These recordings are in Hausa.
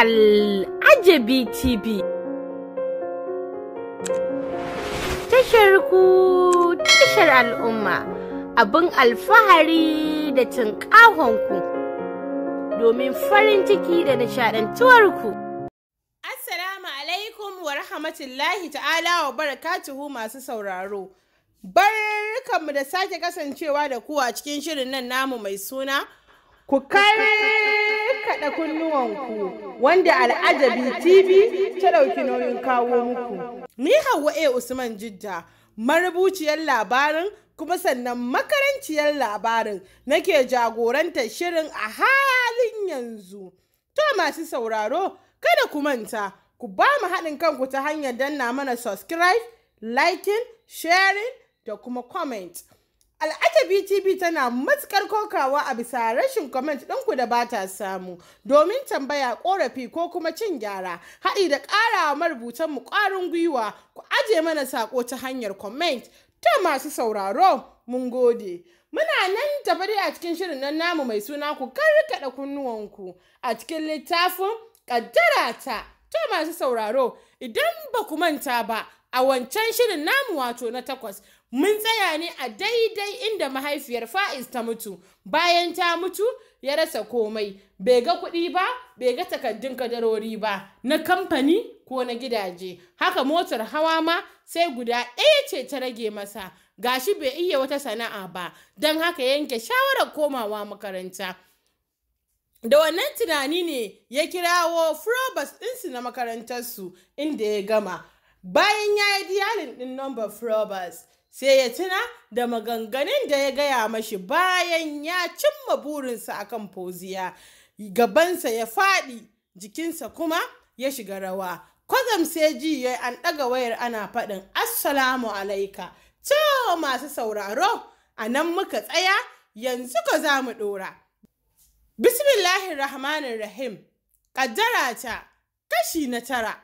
Al'ajabi TV. Tashar ku tashar al'umma abin alfahari da ku domin farin ciki da ku. Assalamu alaikum wa rahmatullahi ta'ala wa barakatuhu masu sauraro. Barkanmu da sake kasancewa da kuwa cikin shirin nan namu mai suna ku kare kakkaɗa kunnuwanku wanda al'ajabi tv ta ɗauki nauyin kawo muku. Ni Hauwa A Usman Jidda marubuciyar labarin kuma sannan makaranciyar labarin nake jagorantar shirin a halin yanzu. To masu sauraro kada ku manta ku ba mu haɗin kanku ta hanyar danna mana subscribe, liking, sharing da kuma comment. Al'ajabi TV tana matukar kokawa a bisa rashin comment ɗinku da bata samu domin tambaya ƙorafi ko kuma cin gyara haɗi da ƙarawa marubutan mu ƙwarin gwiwa ku aje mana saƙo ta hanyar comment ta masu sauraro mun gode. Muna nan tafi dai a cikin shirin nan namu mai suna ku karkaɗa kunnuwanku a cikin littafin ƙaddara ta ta masu sauraro idan ba ku manta ba a wancan shirin namu wato na takwas Mun tsaya ne a daidai inda mahaifiyar Fa'iz ta mutu, bayan ta mutu ya rasa komai, bai ga kuɗi ba, bai ga takardun kadarori ba, na kamfani ko na gidaje. Haka motar hawa ma sai guda ɗaya ce ta rage masa, gashi bai iya wata sana'a ba, don haka yanke shawarar komawa makaranta. Da wannan tunani ne ya kirawo Frobus ɗinsu na makarantarsu inda ya gama. Bayan ya yi diyalin ɗin number Frobus, sai ya tuna da maganganun da ya gaya mashi bayan ya cimma burinsa a kan foziya gabansa ya faɗi jikinsa kuma ya shiga rawa kwazam sai ji ya an ɗaga wayar ana faɗin assalamu alaika to masu sauraro a nan muka tsaya yanzu ka za mu ɗora bismillahir rahmanir rahim ƙaddara ta kashi na tara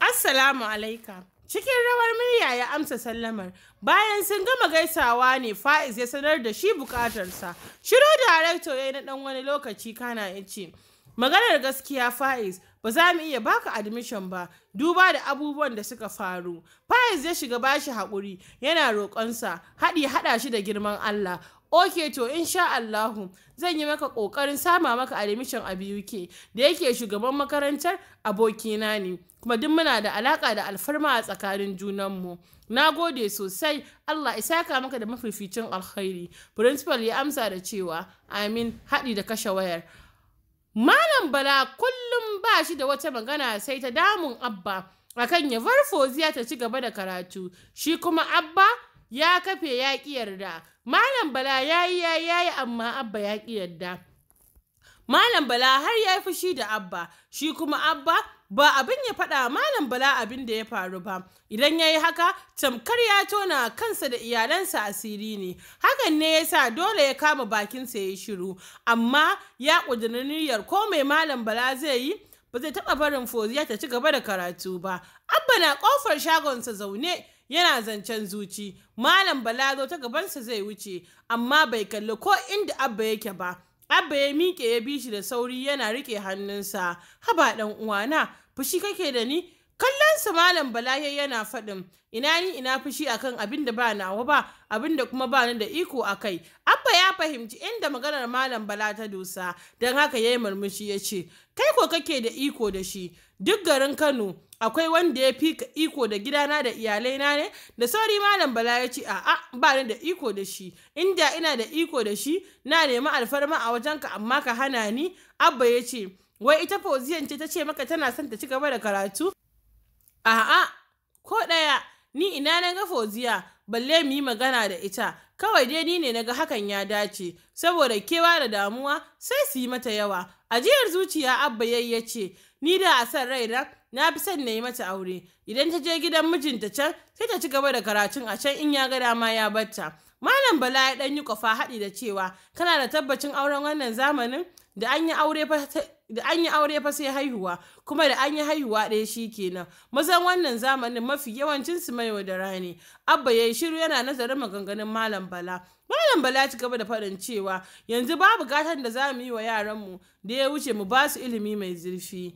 assalamu alaika Cikin rawar murya ya amsa sallamar. Bayan sun gama gaisawa ne Fa'iz ya sanar da shi bukatarsa. Shiru darekto ya yi na ɗan wani lokaci kana ya ce, Maganar gaskiya Fa'iz, ba za mu iya baka admission ba, duba da abubuwan da suka faru. Fa'iz ya shiga bashi haƙuri, yana roƙonsa, haɗi haɗa shi da girman Allah, ok to insha Allahu zan yi maka ƙoƙarin sama maka admission a BUK da yake shugaban makarantar abokina ne kuma duk muna da alaƙa da alfarma a tsakanin junanmu na gode sosai Allah isa ka maka da mafificin alkhairi principal ya amsa da cewa amin haɗi da kashe wayar malam bala kullum ba shi da wata magana sai ta damun abba akan ya farfo ziya ta ci gaba da karatu shi kuma abba ya kafe ya ƙi yarda malam bala ya yi ya yi amma abba ya ƙi yarda malam bala har ya yi fushi da abba shi kuma abba ba abin ya faɗa malam bala abin da ya faru ba idan ya yi haka tamkar ya tona kansa da iyalansa asiri ne hakan ne yasa dole ya kama bakinsa ya yi shiru amma ya ƙudiri niyyar ko mai malam bala zai yi ba zai taɓa barin foziya ta ci gaba da karatu ba abba na ƙofar shagonsa zaune yana zancen zuci malam balazo ta gabansa zai wuce amma bai kalli ko inda abba yake ba abba ya miƙe ya bi shi da sauri yana riƙe hannunsa haba ɗan uwana fushi kake da ni kallonsa malam bala yana faɗin ina ni ina fushi akan abin da ba nawa ba abin da kuma ba ni da iko a kai abba ya fahimci inda maganar malam bala ta dosa don haka ya yi murmushi ya ce kai ko kake da iko da shi duk garin Kano akwai wanda ya fi iko da gidana da iyalaina ne da sauri malam bala ya ce a'a ba ni da iko da shi inda ina da iko da shi na nemi alfarma a wajenka amma ka hana ni abba ya ce wai ita fauziyan ce ta ce maka tana son ta ci gaba da karatu a'a ko ɗaya ni ina na ga fauziya balle mu yi magana da ita kawai dai ni ne na ga hakan ya dace saboda kewa da damuwa sai su yi mata yawa ajiyar zuciya abba yayyace ce ni da a san raina na fi son na yi mata aure idan ta je gidan mijinta can sai ta ci gaba da karatun a can in ya ga dama ya batta malam bala ya dan yi kwafa haɗi da cewa kana da tabbacin auren wannan zamanin da an yi aure fa sai haihuwa kuma da an yi haihuwa ɗaya shi kenan mazan wannan zamanin mafi yawancin su mai da rani abba ya yi shiru yana nazarin maganganun malam bala malam bala ya ci gaba da faɗin cewa yanzu babu gatan da za mu yi wa yaranmu da ya wuce mu ba su ilimi mai zurfi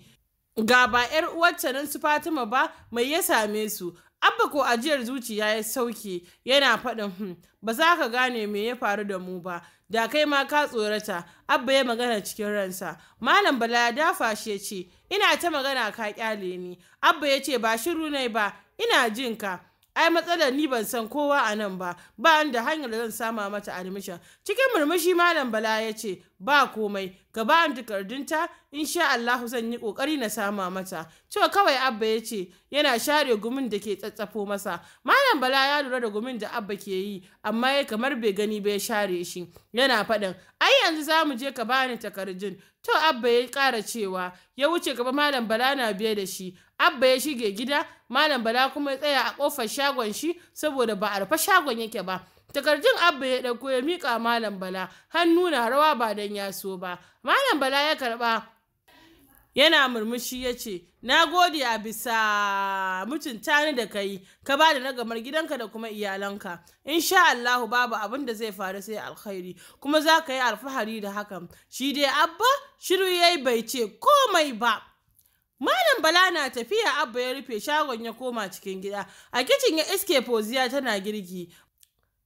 ga ba 'yar uwarta nan su Fatima ba mai ya same su Abba ko ajiyar zuciya ya sauke yana faɗin hmm, ba za ka gane me ya faru da mu ba da kai ma ka tsorata Abba ya magana cikin ransa Malam Bala ya dafa shi ya ce ina ta magana ka kyale ni Abba ya ce ba shiru ne ba ina jin ka ai matsalar ni ban san kowa a nan ba ba da hanyar da zan sama mata admission cikin murmushi malam bala ya ce ba komai ka ba ni takardunta sha Allah zan yi kokari na sama mata to kawai abba ya ce yana share gumin da ke tsatsafo masa malam bala ya lura da gumin da abba ke yi amma ya kamar bai gani ba ya share shi yana faɗin ai yanzu za mu je ka ba ni takardun to abba ya ƙara cewa ya wuce gaba malam bala na biye da shi abba ya shige gida malam bala kuma ya tsaya a kofar shagon shi saboda ba a rufe shagon yake ba takardun abba ya ɗauko ya miƙa malam bala hannu na rawa ba dan ya so ba malam bala ya karɓa yana murmushi ya ce na gode a bisa mutunta ni da kai ka ba da nagamar gidanka da kuma iyalanka sha Allahu babu abin da zai faru sai alkhairi kuma za ka yi alfahari da hakan shi dai abba shiru yayi bai ce komai ba Malam Bala na tafiya Abba ya rufe shagon ya koma cikin gida. A kicin ya iske Foziya tana girki.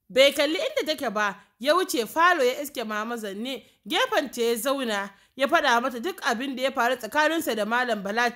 Bai kalli inda take ba, ya wuce falo ya iske mama zanne, ta ya zauna ya faɗa mata duk abin da ya faru tsakaninsa da Malam Bala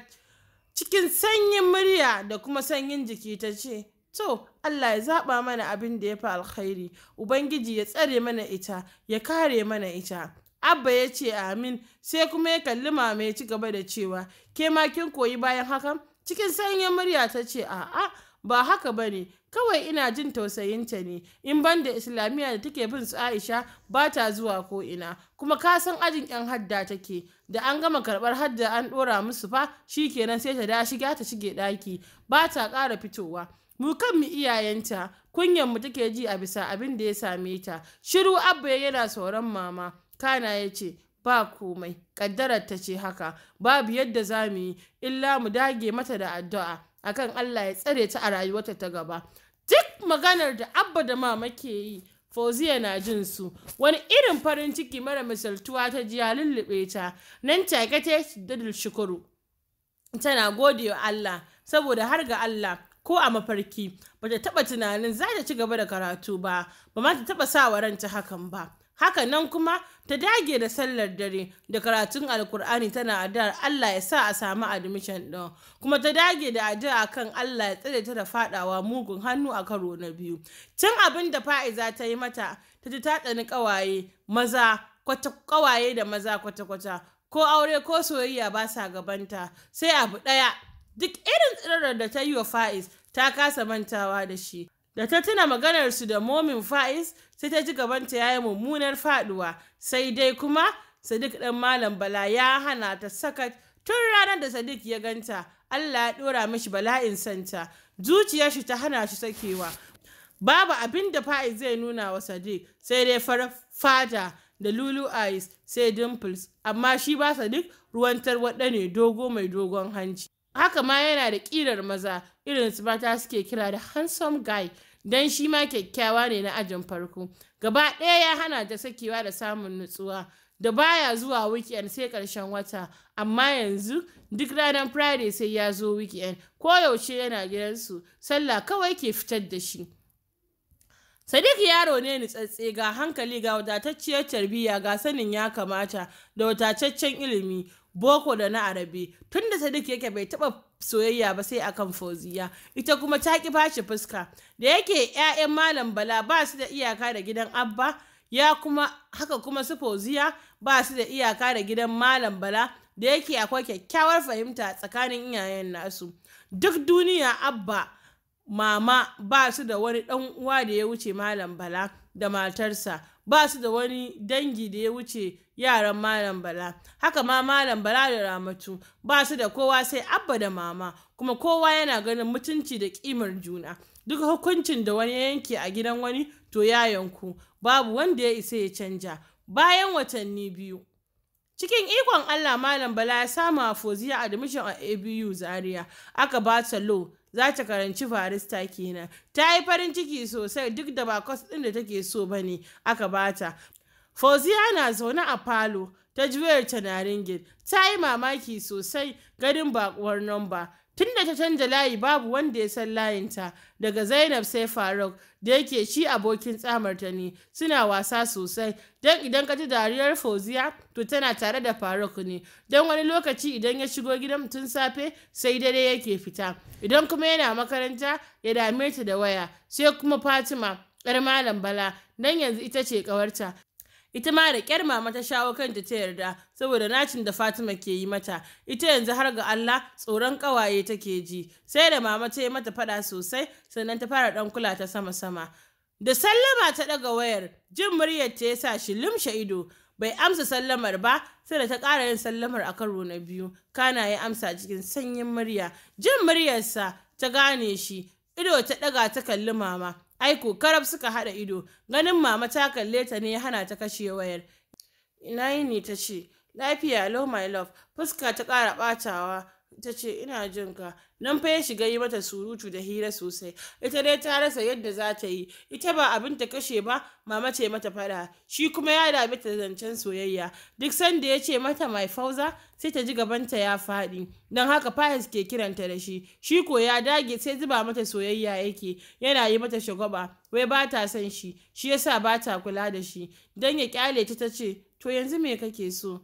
cikin sanyin murya da kuma sanyin jiki ta ce, To, Allah ya zaɓa mana abin da ya fi alkhairi, Ubangiji ya tsare mana ita, ya kare mana ita. Abba ya ce amin sai kuma ya kalli mama ya ci gaba da cewa ke ma kin koyi bayan hakan cikin sanyin murya ta ce a'a ba haka ba ne kawai ina jin tausayinta ne in ban da islamiyya da take bin su aisha ba ta zuwa ko ina kuma ka san ajin yan hadda take da an gama karɓar hadda an ɗora musu fa shi kenan sai ta da shiga ta shige daki ba ta kara fitowa mu kan mu iyayenta kunyan mu take ji a bisa abin da ya same ta shiru abba yana sauran mama Kana ya ce, Ba komai, ƙaddarar ta ce haka, babu yadda za mu yi, illa mu dage mata da addu'a, akan Allah ya tsare ta a rayuwarta ta gaba. Duk maganar da Abba da Mama ke yi, Fauziya na jin su, wani irin farin ciki mara misaltuwa ta ji ya lullube ta, nan take ta yi shukuru. Tana gode wa Allah, saboda har ga Allah, ko a mafarki, ba ta taɓa tunanin za ta ci gaba da karatu ba, ba ma ta taɓa sa wa ranta hakan ba. hakan nan kuma ta dage da sallar dare da karatun alkur'ani tana addu'ar Allah ya sa a samu admission ɗin kuma ta dage da addu'a kan Allah ya tsare ta da fadawa mugun hannu a karo na biyu can abin da fa'iza ta yi mata ta ji ta tsani kawaye maza kwata kawaye da maza kwata kwata ko aure ko soyayya ba sa gabanta sai abu ɗaya duk irin tsirrar da ta yi wa fa'iz ta kasa mantawa da shi Da ta tuna maganarsu da momin fa'is sai ta ji gabanta ya yi mummunar faduwa, sai dai kuma Sadiq ɗan Malam Bala ya hana ta sakat tun ranar da Sadiq ya ganta Allah ya ɗora mishi bala'in santa zuciyar shi ta hana shi sakewa babu abin da fa'iz zai nuna wa Sadiq sai dai farar da lulu eyes sai dimples amma shi ba Sadiq ruwan tarwaɗa ne dogo mai dogon hanci haka ma yana da ƙirar maza irin su mata suke kira da handsome guy don shi ma kyakkyawa ne na ajin farko gaba ɗaya ya hana ta sakewa da samun nutsuwa da baya zuwa weekend sai ƙarshen wata amma yanzu duk ranar friday sai ya zo weekend koyaushe yana gidansu sallah kawai ke fitar da shi Sadiq yaro ne tsatse ga hankali ga wadatacciyar tarbiyya ga sanin ya kamata da wadataccen ilimi boko da na tun tunda sadiq yake bai taba soyayya ba sai akan foziya ita kuma ta ki bashi fuska da yake ƴaƴan malam bala ba su da iyaka da gidan abba ya kuma haka kuma su foziya ba su da iyaka da gidan malam bala da yake akwai kyakkyawar fahimta tsakanin iyayen nasu duk duniya abba mama ba su da wani dan uwa da ya wuce malam bala da matarsa ba su da wani dangi da ya wuce yaran malam bala haka ma malam bala da ramatu ba su da kowa sai abba da mama kuma kowa yana ganin mutunci da kimar juna duk hukuncin da wani yanke a gidan wani to ya yanku babu wanda ya isa ya canja bayan watanni biyu cikin ikon allah malam bala ya samu a foziya admission a abu zaria aka ba ta lo za ta karanci barista kenan ta yi farin ciki sosai duk da ba kwas ɗin da take so ba ne aka bata fauziya na zaune a falo ta juyar ta na ta yi mamaki sosai ganin bakuwar namba tun da ta canza layi babu wanda ya san layinta daga zainab sai faruk da yake shi abokin tsamarta ne suna wasa sosai don idan ka ji dariyar fauziya to tana tare da faruk ne don wani lokaci idan ya shigo gidan tun safe sai dare yake fita idan kuma yana makaranta ya dame ta da waya sai kuma fatima 'yar malam bala nan yanzu ita ce ƙawarta ita ma da ƙyar mama ta shawo kanta ta yarda saboda nacin da Fatima ke yi mata ita yanzu har ga Allah tsoron ƙawaye take ji sai da mama ta yi mata faɗa sosai sannan ta fara ɗan kula ta sama sama da sallama ta ɗaga wayar jin muryar ta ya sa shi lumshe ido bai amsa sallamar ba sai da ta ƙara yin sallamar a karo na biyu kana ya amsa cikin sanyin murya jin muryarsa ta gane shi ido ta ɗaga ta kalli mama aiko karab suka haɗa ido ganin mama ta kalle ta ne hana ta kashe wayar ina yini ta ce lafiya lo my love fuska ta ƙara ɓatawa ta ce ina jin ka nan fa ya shiga yi mata surutu da hira sosai ita dai ta rasa yadda za ta yi ita ba abin ta kashe ba mama ce mata fada shi kuma ya dabi ta zancen soyayya duk sanda ya ce mata mai fauza sai ta ji gabanta ya faɗi don haka fahis ke kiranta da shi shi ko ya dage sai zuba mata soyayya yake yana yi mata shagwaba wai ba ta son shi shi yasa ba ta kula da shi Dan ya kyale ta ta ce to yanzu me kake so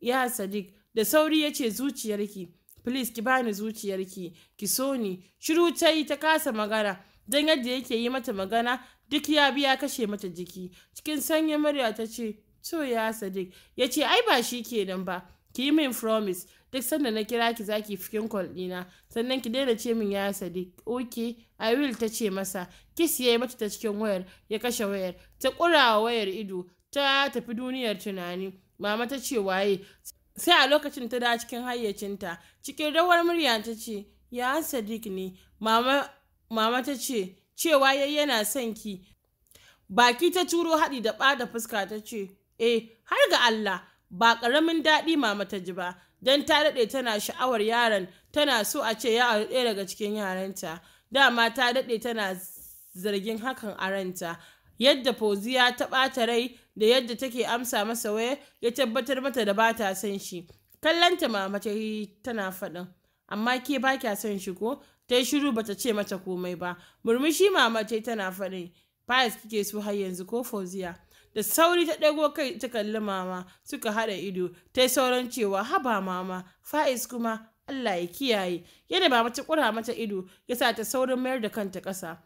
ya sadiq da sauri ya ce zuciyarki please ki bani zuciyarki ki so ni shiru ta yi ta kasa magana don yadda yake yi mata magana duk ya biya kashe mata jiki cikin sanya murya ta ce to ya sadik ya ce ai ba shi ke kenan ba ki yi min promise duk sanda na kira ki zaki fikin kwal ɗina sannan ki daina ce min ya sadik ok i will ta ce masa kis ya yi mata ta cikin wayar ya kashe wayar ta kurawa wayar ido ta tafi duniyar tunani mama ta ce waye sai a lokacin ta da cikin hayyacinta cikin rawar murya ta ce ya sadiq ne mama, mama ta ce cewa yai yana son ki baki ta turo haɗi da bada fuska ta ce eh har ga allah ba karamin daɗi mama ta ji ba don ta daɗe tana sha'awar yaran tana so a ce ya ɗaya daga cikin yaranta dama ta daɗe tana zargin hakan a ranta yadda Fauziya ta ɓata rai da yadda take amsa masa waya ya tabbatar mata da bata son shi. Kallanta mama ta tana faɗin, amma ke ba kya son shi ko? Ta yi shiru bata ce mata komai ba. Murmushi mama ta tana faɗin, Fayas kike so har yanzu ko Fauziya? Da sauri ta ɗago kai ta kalli mama suka haɗa ido, ta yi sauran cewa haba mama, fais kuma Allah ya kiyaye. Yana ba mata ƙura mata ido, ya sa ta saurin mayar da kanta ƙasa.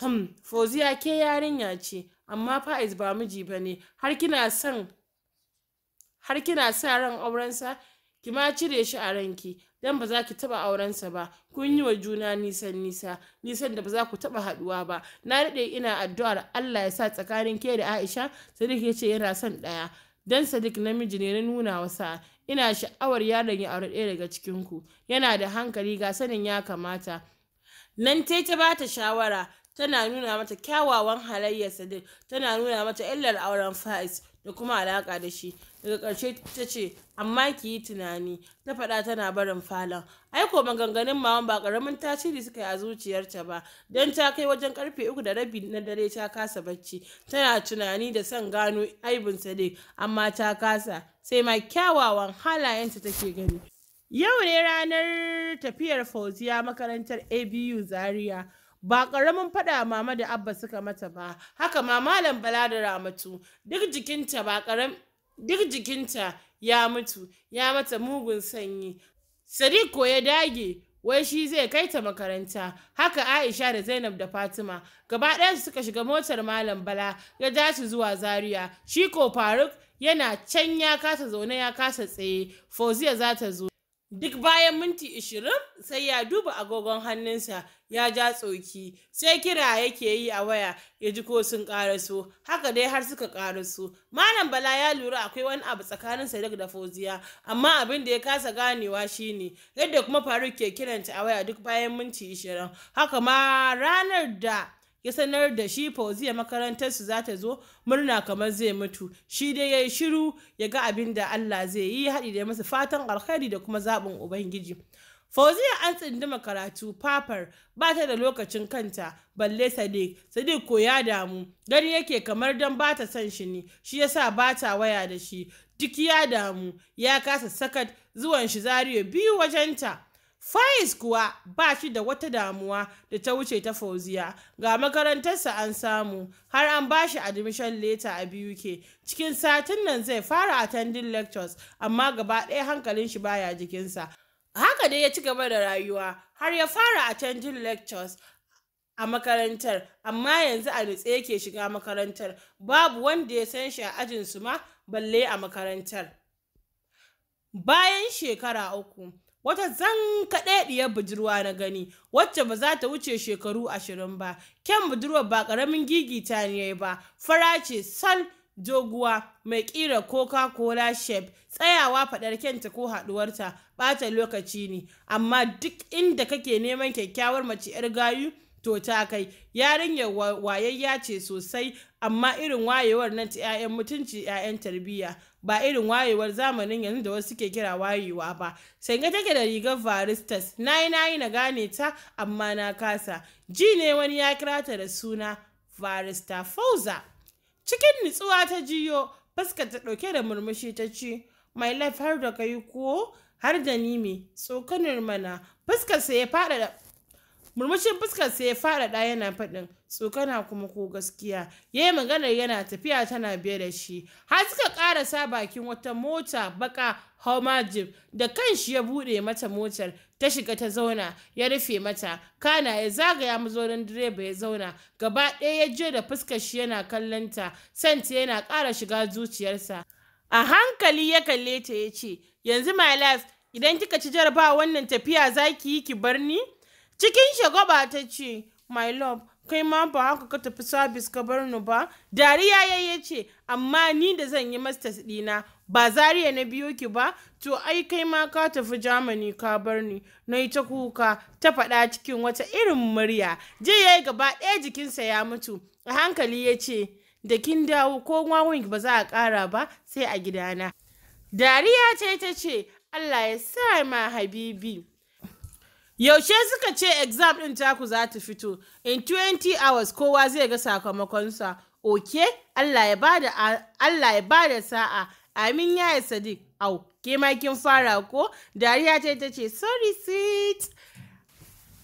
Hm, Fauziya ke yarinya ce, amma Fa'iz ba miji ba ne, har kina sa ran aurensa, ki ma cire shi a ranki, dan ba za ki taba aurensa ba, kun yi wa juna nisan nisa, nisan da ba za ku taba haɗuwa ba. Na daɗe ina addu'ar Allah ya sa tsakanin ke da Aisha, Sadiq ya ce yana son ɗaya. Dan Sadiq namiji ne na nuna wa ina sha'awar yaron ya aure ɗaya daga cikinku, yana da hankali ga sanin ya kamata. Nan ta ba ta shawara, tana nuna mata kyawawan halayyar sadiq tana nuna mata illar auren faiz da kuma alaƙa da shi daga ƙarshe ta ce amma ki yi tunani ta faɗa tana barin falon aiko maganganun mawan ba ƙaramin tasiri suka yi a zuciyarta ba don ta kai wajen karfe uku da rabi na dare ta kasa bacci tana tunani da son gano aibin sadiq amma ta kasa sai ma kyawawan halayenta take gani yau ne ranar tafiyar fauziya makarantar abu zaria ba ƙaramin faɗa mama da abba suka mata ba haka ma malam bala da ramatu duk jikinta ba ƙaram duk jikinta ya mutu ya mata mugun sanyi sadiq ko ya dage wai shi zai kai ta makaranta haka aisha da zainab da fatima gaba ɗaya suka shiga motar malam bala ya ja su zuwa zaria shi ko faruk yana can ya kasa zaune ya kasa tsaye fauziya za ta zo duk bayan minti ishirin sai ya duba agogon hannunsa ya ja tsoki sai kira yake yi a waya ya ji ko sun karaso haka dai har suka karaso malam bala ya lura akwai wani abu tsakanin sadiq da fauziya amma abin da ya kasa ganewa shine yadda kuma faruk ke kiranta a waya duk bayan minti ishirin haka ma ranar da ya sanar da shi fauziya makarantarsu za ta zo murna kamar zai mutu shi dai ya shiru ya ga abin da allah zai yi haɗi da masa fatan alkhairi da kuma zaɓin ubangiji Fauziya an tsindima karatu papar ba ta da lokacin kanta balle Sadiq. Sadiq ko ya damu gani yake kamar don ba ta son shi ne shi ya sa ba ta waya da shi. Duk ya damu ya kasa sakat zuwan shi zariyo biyu wajenta. Faiz kuwa ba shi da wata damuwa da ta wuce ta fauziya ga makarantarsa an samu har an ba shi admission letter a BUK cikin satin nan zai fara attending lectures amma gaba ɗaya hankalin shi baya jikinsa. haka dai ya ci gaba da rayuwa har ya fara attending lectures a makarantar amma yanzu a nutse yake shiga makarantar babu wanda ya san shi a ajinsu ma balle a makarantar bayan shekara uku wata zankaɗaɗiyar budurwa na gani wacce ba za ta wuce shekaru ashirin ba kyan budurwar ba ƙaramin gigita ne ba fara ce sal doguwa mai ƙira coca-cola shep tsayawa faɗar kyanta ko haɗuwarta ɓata lokaci ne amma duk inda kake neman kyakkyawar mace 'yar gayu to ta kai yarinyar wayayya ce sosai amma irin wayewar nan ta 'ya'yan mutunci 'ya'yan tarbiyya ba irin wayewar zamanin yanzu da wasu ke kira wayewa ba sai ga take da rigar varistas nayi nayi na gane ta amma na kasa ji ne wani ya kira ta da suna varista fauza Cikin nutsuwa ta jiyo, fuskar ta ɗauke da murmushi ta ce, My life har da kai ko har da ni me tsokanar mana fuskarsa ya faɗaɗa murmushin sa ya faɗaɗa yana faɗin tsokana kuma ko gaskiya ya yi maganar yana tafiya tana biye da shi har suka ƙarasa bakin wata mota baka homajib da kan shi ya buɗe mata motar ta shiga ta zauna ya rufe mata kana ya zagaya mazaunin direba ya zauna gaba ɗaya ya je da fuskar shi yana kallon ta santa yana ƙara shiga zuciyarsa a hankali ya kalle ta ya ce yanzu my life idan kika ci jarabawa wannan tafiya za ki yi ki bar ni cikin shagwaba ta ce my love kai ma ba haka ka tafi sabis ka bar ni ba dariya ya ya ce amma ni da zan yi masters ɗina ba zariya na biyo ki ba to ai kai ma ka tafi Jamani ka bar ni na yi ta kuka ta faɗa cikin wata irin murya je ya yi gaba ɗaya jikinsa ya mutu a hankali ya ce da kin dawo ko wawon ba za a ƙara ba sai a gidana dariya ta ce allah ya sa ma habibi Yaushe suka ce exam ɗin taku za ta fito, in 20 hours kowa zai ga sakamakonsa, Ok, Allah ya ba da sa'a, amin ya yi sadiq, au, ke ma fara ko? Dariya ta ta ce, sorry sit.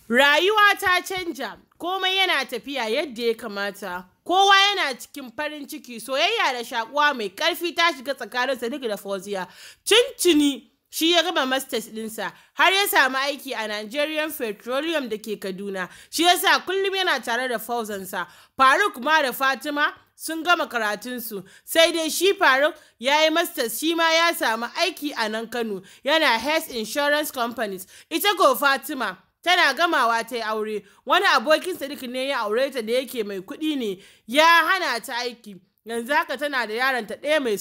Rayuwa ta canja, komai yana tafiya yadda ya kamata. kowa yana cikin farin ciki soyayya da shakuwa mai ƙarfi ta shiga tsakanin sadiq da fauziya cincini shi ya gama masters ɗinsa har ya samu aiki a Nigerian Petroleum da ke Kaduna shi ya sa kullum yana tare da fauzansa Faruk ma da Fatima sun gama karatunsu sai dai shi Faruk ya yi masters shi ma ya samu aiki a nan Kano yana Health Insurance Companies ita ko Fatima tana gamawa ta yi aure wani abokin Sadiq ne ya aure ta da yake mai kuɗi ne ya hana ta aiki yanzu haka tana da yaronta ɗaya mai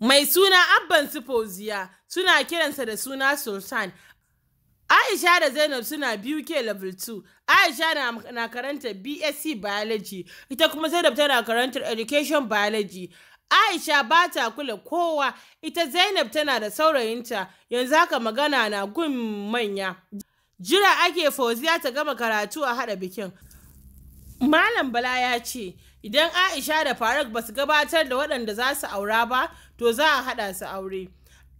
mai suna abban su suna kiransa da suna sultan Aisha da Zainab suna biyu ke level 2. Aisha na, na karantar BSc Biology, ita kuma Zainab tana karantar Education Biology. Aisha ba ta kula kowa, ita Zainab tana da saurayinta, yanzu haka magana na gun manya. Jira ake Fauziya ta gama karatu a haɗa bikin. Malam Bala ya ce, idan Aisha da Faruk ba su gabatar da waɗanda za su aura ba, to za a haɗa su aure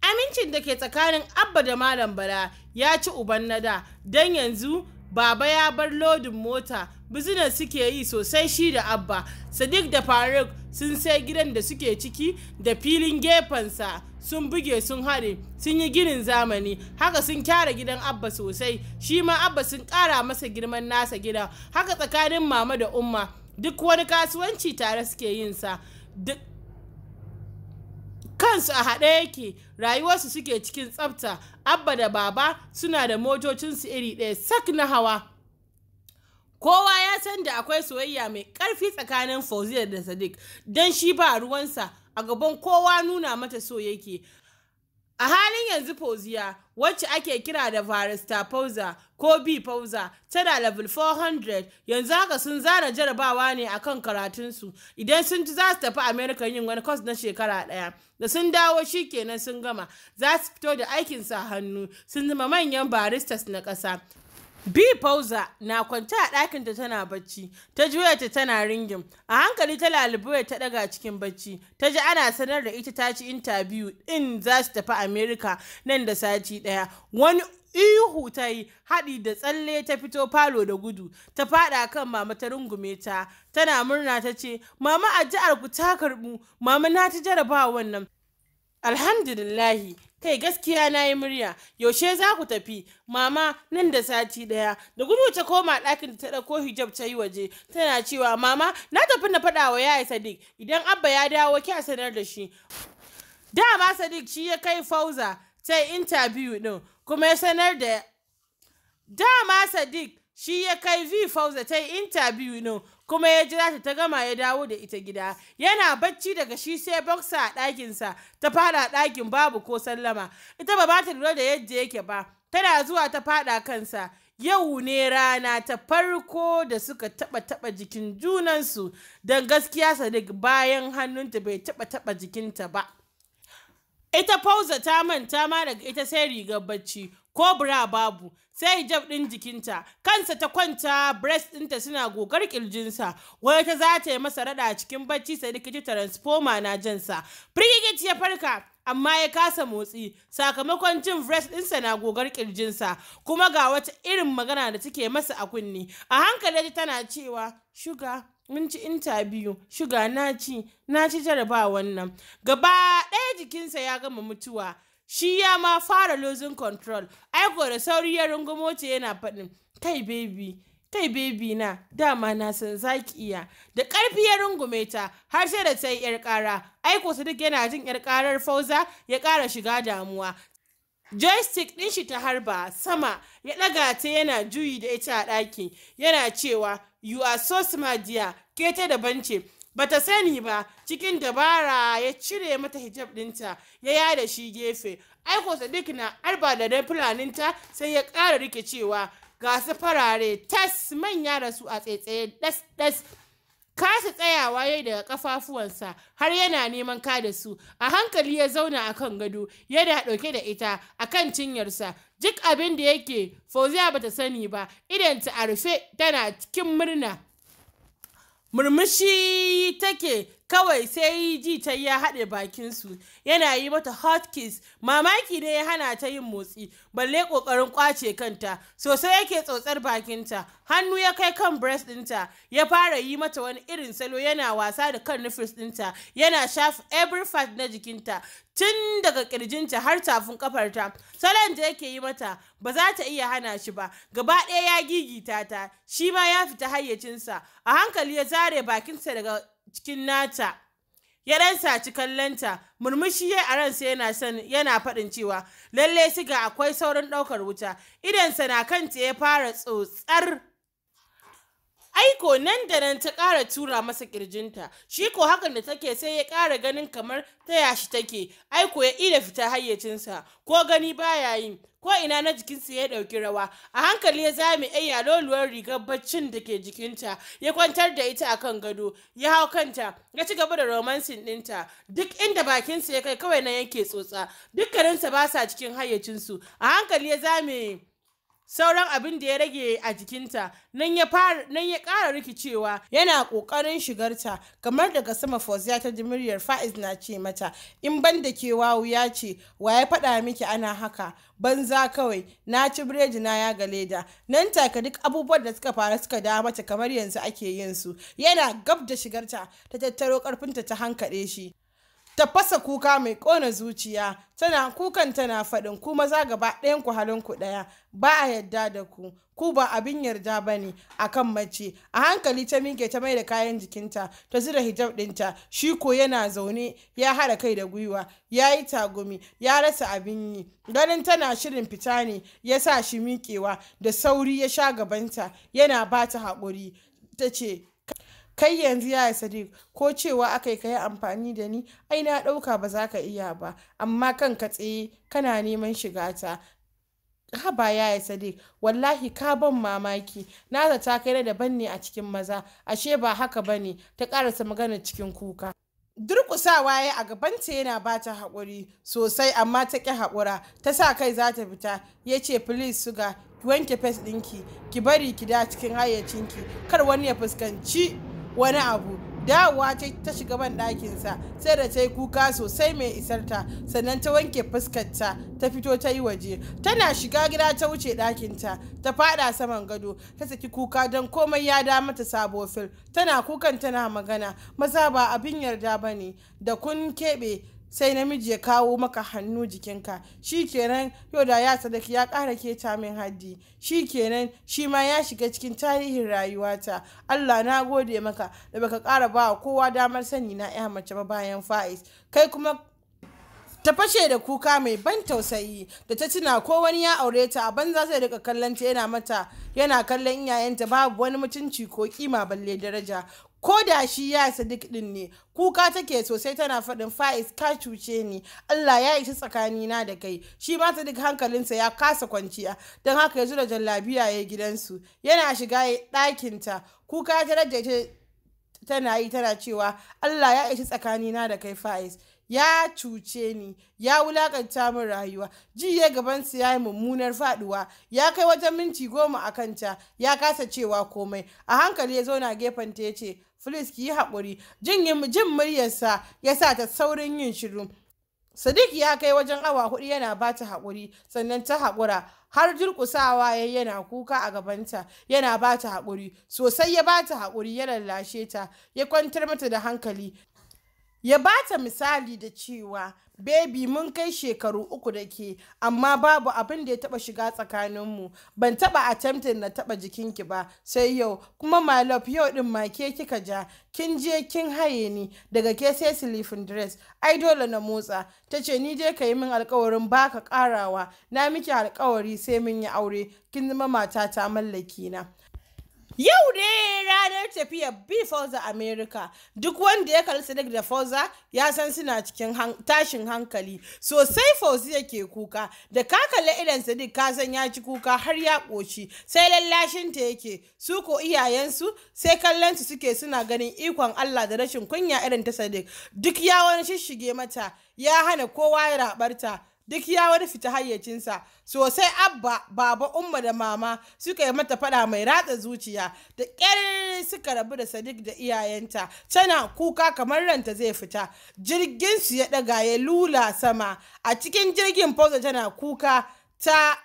amincin da ke tsakanin abba da malam bala ya ci uban nada don yanzu baba ya bar lodin mota Bizina suke yi sosai shi da abba sadiq da faruk sun sai gidan da suke ciki da filin gefensa sun buge sun hari. sun yi ginin zamani haka sun kyara gidan abba sosai shi ma abba sun ƙara masa girman nasa gida haka tsakanin mama da umma duk wani kasuwanci tare suke yinsa kansu a haɗe yake rayuwarsu suke cikin tsafta abba da baba suna da motocinsu iri ɗaya sak na hawa kowa ya san da akwai soyayya mai ƙarfi tsakanin fauziya da sadiq don shi ba ruwansa a gaban kowa nuna mata so yake A halin yanzu Fauziya, wacce ake kira da Barista Fauza ko B Fauza, tana level 400, yanzu haka sun zara jarabawa ne a kan karatunsu. Idan sun ci za su tafi Amerika yin wani kwas na shekara ɗaya. Da sun dawo shi kenan sun gama, za su fito da aikinsa hannu, sun zama manyan baristas na ƙasa. Bi Fauza na kwanta a ɗakinta tana bacci, ta juya ta tana ringin, a hankali ta lalibuwa ta ɗaga cikin bacci, ta ji ana sanar da ita ta ci intabiyu ɗin za su tafi Amerika nan da sati ɗaya. Wani ihu ta yi haɗi da tsalle ta fito falo da gudu, ta faɗa kan mama ta rungume ta, tana murna ta ce, Mama addu'ar ku ta karɓu, mama na ta jarabawa wannan, Alhamdulillahi, kai gaskiya na yi murya, yaushe za ku tafi, mama nan da sati ɗaya. Da gudu ta koma ɗakin da ta ɗauko hijab ta yi waje, tana cewa mama na tafi na faɗa wa yaya Sadiq idan Abba ya dawo kya sanar da shi. Dama Sadiq shi ya kai Fauza ta intabiyu ɗin kuma ya sanar da Dama Sadiq shi ya kai V Fauza ta intabiyu ɗin kuma ya jira ta ta gama ya dawo da ita gida yana bacci daga shi sai boxer a ɗakinsa ta fada ɗakin babu ko sallama ita ba ba lura da yadda yake ba tana zuwa ta faɗa kansa yau ne rana ta farko da suka taba taba jikin junansu don gaskiya sadiq bayan hannunta bai taba taba jikinta ba Ita fauza ta manta ma daga ita sai rigar bacci ko bra babu sai hijab din jikinta kansa ta kwanta breast dinta suna gogar kirjinsa wai ta za ta yi masa raɗa a cikin bacci sai likiti transformer na jansa frigate ya farka amma ya kasa motsi sakamakon jin breast dinsa na gogar kirjinsa kuma ga wata irin magana da take masa a kunni a hankali tana cewa sugar mun ci intabiyu shuga na ci na ci jaraba nan gaba ɗaya jikinsa ya gama mutuwa shi ya ma fara losing control aiko da sauri ya rungumo ce yana faɗin kai baby kai baby na dama na san zaki iya da ƙarfi ya rungume ta har sai da ta yi yar ƙara aiko su duk yana jin yar ƙarar fauza ya ƙara shiga damuwa joystick ɗin shi ta harba sama ya ɗaga ta yana juyi da ita a ɗaki yana cewa you are so smart dear ke ta daban ce bata sani ba cikin dabara ya cire mata hijab dinta ya yada shi gefe aiko sadiq na arba da dai ta sai ya ƙara rike cewa gasu farare tas manya da su a tsaitsaye das das. kasa tsayawa yai daga kafafuwansa har yana neman kada su a hankali ya zauna a kan gado yana ɗauke da ita a kan cinyarsa duk abin da yake fauziya ta sani ba idanta a rufe tana cikin murna murmushi take kawai sai ji ta ya haɗe bakinsu yana yi mata hot kiss mamaki ne ya hana ta yin motsi balle ƙoƙarin ƙwace kanta sosai yake tsotsar bakinta hannu ya kai kan breast ɗinta ya fara yi mata wani irin salo yana wasa da kan nufis ɗinta yana shafi every fat na jikinta tun daga kirjinta har tafin kafarta salon da yake yi mata ba za ta iya hana shi ba gaba ɗaya ya gigita ta shi ma ya fita hayyacinsa a hankali ya zare bakinsa daga cikin nata ya ɗan saci kallonta murmushi ya a ransa yana son yana faɗin cewa lalle siga akwai sauran ɗaukar wuta idansa na kanta ya fara tsotsar aiko nan da nan ta ƙara tura masa ƙirjinta shi ko hakan da take sai ya ƙara ganin kamar ta yashi take aiko ya ida fita hayyacinsa ko gani baya yin. ko ina na jikinsa ya ɗauki rawa a hankali ya zame yan yaloluwar rigar baccin da ke jikinta ya kwantar da ita akan gado ya hau kanta ya ci gaba da romansin ɗinta duk inda bakinsa ya kai kawai na yanke tsotsa dukkaninsa ba sa cikin hayyacinsu a hankali ya zame sauran abin da ya rage a jikinta nan ya ƙara rikicewa yana ƙoƙarin shigarta kamar daga sama ya ta ji fa'iz na ce mata in ban da ke wawu ya ce wa ya faɗa miki ana haka banza kawai na ci biredi na ya ga leda nan take duk abubuwan da suka faru suka dawo mata kamar yanzu ake yin su yana gab da shigarta ta tattaro ƙarfinta ta hankaɗe shi ta kuka mai kona zuciya tana kukan tana faɗin ku maza gaba ɗayan ku halin ku ɗaya ba a yarda da ku ku ba abin yarda ba ne a kan mace a hankali ta miƙe ta mai da kayan jikinta ta zira hijab ɗinta shi ko yana zaune ya haɗa kai da gwiwa ya yi tagumi ya rasa abin yi ganin tana shirin fita ne ya sa shi miƙewa da sauri ya sha gabanta yana ba ta haƙuri ta ce kai yanzu ya sadiq ko cewa aka ka yi amfani da ni ai na ɗauka ba za ka iya ba amma kan ka tsaye kana neman shiga ta haba ya yi sadiq wallahi ka ban mamaki na zata kai na daban ne a cikin maza ashe ba haka ba ne ta karasa magana cikin kuka durƙusawa ya a gabanta yana ba ta haƙuri sosai amma ta ƙi haƙura ta sa kai za ta fita ya ce please suga ki wanke fes ɗinki ki bari ki da cikin hayyacinki kar wani ya fuskanci wani abu dawowa ta shiga ban ɗakinsa sai da ta yi kuka sosai mai isarta sannan ta wanke fuskarta ta fito ta yi waje tana shiga gida ta wuce ɗakinta ta faɗa saman gado ta saki kuka don komai ya da mata sabo fil tana kukan tana magana maza ba abin yarda ba ne da kun keɓe sai namiji ya kawo maka hannu jikinka shi kenan yau da ya sadaki ya ƙara keta min haddi shi kenan shi ma ya shiga cikin tarihin rayuwata allah na gode maka da baka kara ba kowa damar sani na ya mace ba bayan fa'is kai kuma ta fashe da kuka mai ban tausayi da ta tuna ko wani ya aure ta a banza sai daga kallon ta yana mata yana kallon iyayenta babu wani mutunci ko kima balle daraja ko da shi ya isa duk din ne kuka take sosai tana faɗin fa'is ka cuce ni Allah ya ishi tsakanina da kai shi ma hankalin hankalinsa ya kasa kwanciya don haka ya zura jallabiya ya gidansu yana shiga ɗakinta kuka ta tana yi tana cewa Allah ya ishi tsakanina da kai fa'is ya cuce ni ya wulakanta min rayuwa gaban su ya yi mummunar faduwa ya kai wajen minti goma a kanta ya kasa cewa komai a hankali ya zo na gefen ta ya ce Please ki yi haƙuri. Jin muryarsa ya sa ta saurin yin shiru. Sadiq ya kai wajen awa hudu yana ba ta haƙuri sannan ta haƙura har durƙusawa ya yana kuka a gabanta yana ba ta haƙuri sosai ya ba ta haƙuri ya lallashe ta ya kwantar mata da hankali ya ba ta misali da cewa Baby mun kai shekaru uku da ke, amma babu abin da ya taba shiga tsakaninmu. Ban taba attempting na taba jikinki ba, sai yau, kuma my yau ɗin ma ke kika ja, kin je kin haye ni daga ke sai silifin dress, ai dole na motsa. Ta ce ni dai ka yi min alkawarin baka karawa, na miki alkawari sai mun yi aure, kin zama matata mallaki na. Yau ne ranar tafiyar B Forza America. Duk wanda ya kalli Sadiq da Forza ya san suna cikin tashin hankali. Sosai Forza yake kuka, da ka kalli idan Sadiq ka san ya ci kuka har ya ƙoci, sai lallashin ta yake. Su ko iyayensu sai kallon su suke suna ganin ikon Allah da rashin kunya irin ta Sadiq. Duk ya wani shishige mata, ya hana kowa ya rabarta. duk ya wani fita hayyacinsa sosai abba baba umma da mama suka yi mata fada mai ratsa zuciya da ƙyar suka rabu da sadiq da iyayenta tana kuka kamar ranta zai fita jirgin su ya ɗaga ya lula sama a cikin jirgin fauza tana kuka ta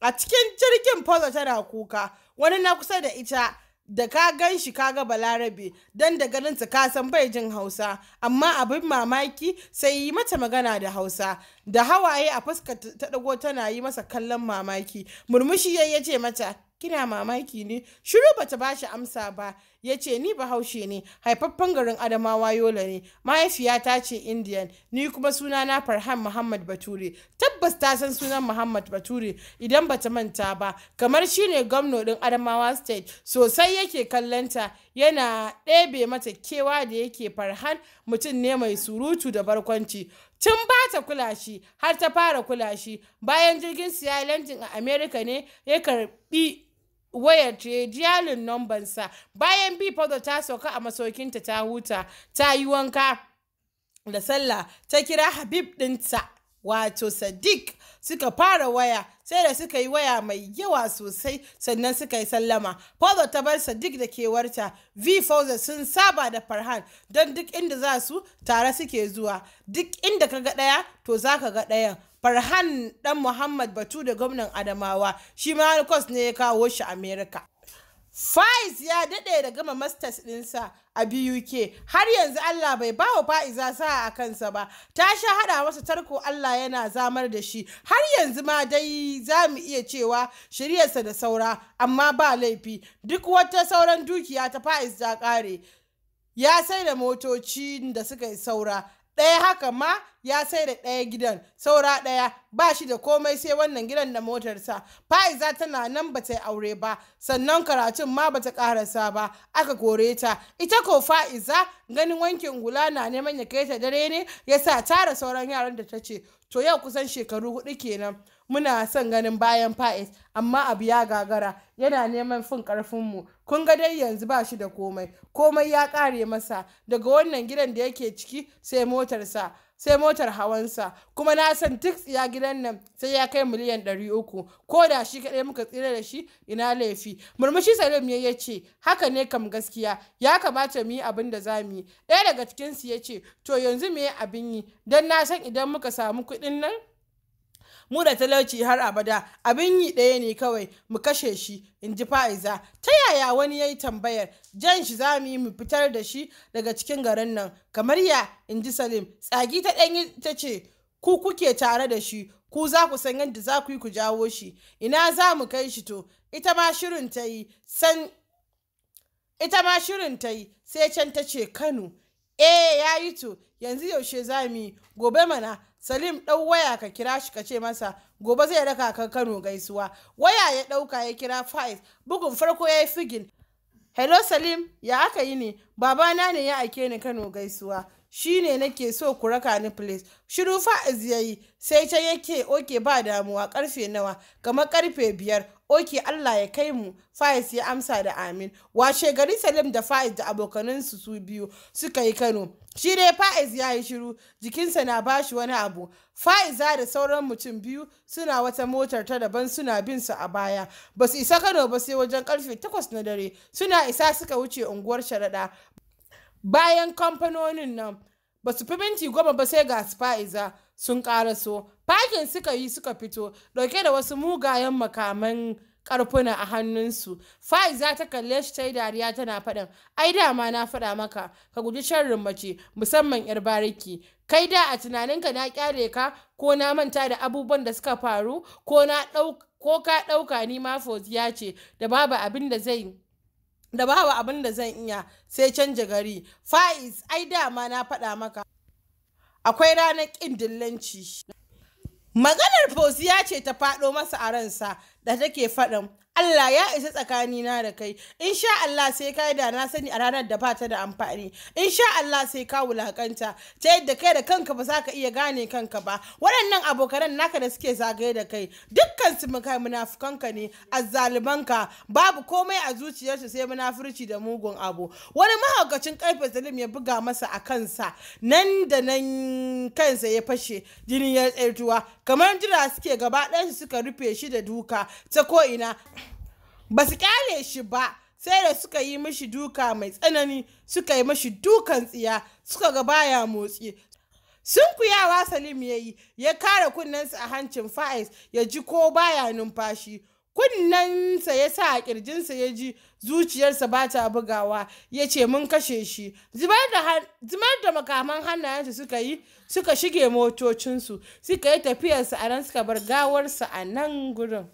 a cikin jirgin fauza tana kuka wani na kusa da ita da ka gan shi kaga balarabe don da ganinsa ka san bai jin hausa amma abin mamaki sai yi mata magana da hausa da hawaye a fuska ta dago tana yi masa kallon mamaki murmushi ya ce mata kina mamaki ne shiru bata bashi amsa ba ya ce ni bahaushe ne haifaffen garin adamawa yola ne mahaifiya ta ce indian ni kuma suna na farhan muhammad bature tabbas ta san sunan muhammad bature idan bata manta ba kamar shine gwamno din adamawa state sosai yake kallanta yana ɗebe mata kewa da yake farhan mutum ne mai surutu da barkwanci tun ba ta kula shi har ta fara kula shi bayan jirgin siyalancin a amerika ne ya karbi wayar diyalin nombansa bayan bi fado ta sauka a masaukinta ta huta ta yi wanka da sallah ta kira habib dinta. wato sadiq suka fara waya sai da suka yi waya mai yawa sosai sannan suka yi sallama fauza ta bar sadiq da kewarta v fauza sun saba da farhan don duk inda za su tare suke zuwa duk inda ka ga ɗaya to za ka ga ɗayan farhan dan muhammad batu da gwamnan adamawa shi ma ne ya kawo shi america Faiz ya daɗe da gama masters ɗinsa a BUK har yanzu Allah bai ba wa fa'iza sa'a a kansa ba ta sha hada masa tarko Allah yana zamar da shi har yanzu ma dai za mu iya cewa shiryarsa da saura amma ba laifi duk wata sauran dukiya ta fa'iz ta kare ya sai da motocin da suka yi saura ɗaya haka ma ya sai da ɗaya gidan saura ɗaya ba shi da komai sai wannan gidan da motarsa fa'iza tana nan ba ta yi aure ba sannan karatun ma ba ta ƙarasa ba aka kore ta ita ko fa'iza ganin wankin gula na neman ya kai ta dare ne ya sa tara sauran yaran da ta ce to yau kusan shekaru hudu kenan muna son ganin bayan Faiz amma abu ya gagara yana neman fin karfinmu kun ga dai yanzu ba shi da komai komai ya kare masa daga wannan gidan da yake ciki sai motarsa sai motar hawansa kuma na san duk tsiya gidan nan sai ya kai miliyan ɗari uku ko da shi kaɗai muka tsira da shi ina laifi murmushi salim ya ce haka ne kam gaskiya ya kamata mu yi abin da za mu yi ɗaya daga cikinsu ya ce to yanzu me abin yi don na san idan muka samu kuɗin nan mu da talauci har abada abin yi ɗaya ne kawai mu kashe shi in ji fa'iza ta yaya wani ya yi tambayar jan shi za mu yi mu fitar da shi daga cikin garin nan kamar ya in ji salim tsagi ta ɗanyi ta ce ku kuke tare da shi ku za ku san yadda za ku yi ku jawo shi ina za mu kai shi to ita ma shirin ta yi san ita ma shirin ta yi sai can ta ce kano eh ya yi to yanzu yaushe za mu yi gobe mana salim ɗau waya ka kira shi ka ce masa gobe zai raka kan kano gaisuwa waya ya ɗauka ya kira faiz bugun farko ya yi figin hello salim ya aka yi ne babana ne ya aike ni kano gaisuwa shi ne nake so ku raka ni place shiru fa'iz ya yi sai can yake oke ba damuwa karfe nawa gama karfe biyar oke allah ya kai mu fa'iz ya amsa da amin washe gari salim da fa'iz da abokanansu su biyu suka yi kano shi dai fa'iz ya yi shiru jikinsa na bashi wani abu fa'iza da sauran mutum biyu suna wata motar ta daban suna bin su a baya ba su isa kano ba sai wajen karfe takwas na dare suna isa suka wuce unguwar sharaɗa bayan kamfanonin nan ba su fi minti goma ba sai ga spiza sun karaso fakin suka yi suka fito dauke da wasu mugayen makaman karfuna a hannunsu faiza ta kalle shi ta yi dariya tana faɗin ai dama na faɗa maka ka guji sharrin mace musamman yar bariki kai da a tunaninka na kyale ka ko na manta da abubuwan da suka faru ko ka ɗauka ni ma ya ce da babu abin da zai da babu abin da zan iya sai canja gari Fa'iz, ai dama na faɗa maka akwai ranar ƙin dillanci maganar fosiya ce ta faɗo masa a ransa da take faɗin Allah ya isa tsakani na da kai in sha Allah sai ka da na sani a ranar da bata da amfani in sha Allah sai ka wulakanta ta yadda kai da kanka ba za ka iya gane kanka ba waɗannan abokanan naka da suke zagaye da kai dukkan su mu kai munafukanka ne azzalumanka babu komai a zuciyarsu sai munafurci da mugun abu wani mahaukacin karfe salim ya buga masa a kansa nan da nan kansa ya fashe jini ya tsirtuwa kamar jira suke gaba ɗayansu suka rufe shi da duka ta ko ina ba su kyale shi ba sai da suka yi mashi duka mai tsanani suka yi mashi dukan tsiya suka ga baya motsi kuyawa salim ya yi ya kare kunnensa a hancin fa'is ya ji ko baya numfashi kunnensa ya sa a kirjinsa ya ji zuciyarsa ba ta bugawa ya ce mun kashe shi zimar da makaman hannayensu suka yi suka shige motocinsu suka yi tafiyarsa a nan suka bar gawarsa a nan gurin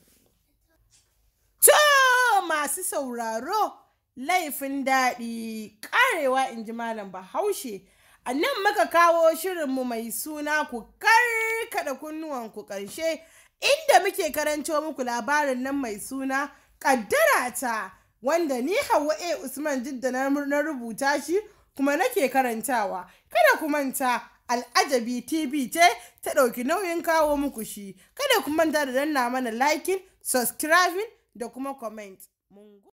masu sauraro laifin daɗi ƙarewa in ji malam bahaushe a nan muka kawo shirinmu mai suna ku karkada kunnuwanku ƙarshe inda muke karanto muku labarin nan mai suna ƙaddara ta wanda ni hawa a usman jidda na rubuta shi kuma nake karantawa kada ku manta al'ajabi tv ce ta ɗauki nauyin kawo muku shi kada ku manta da danna mana liking subscribing da kuma comment Mungu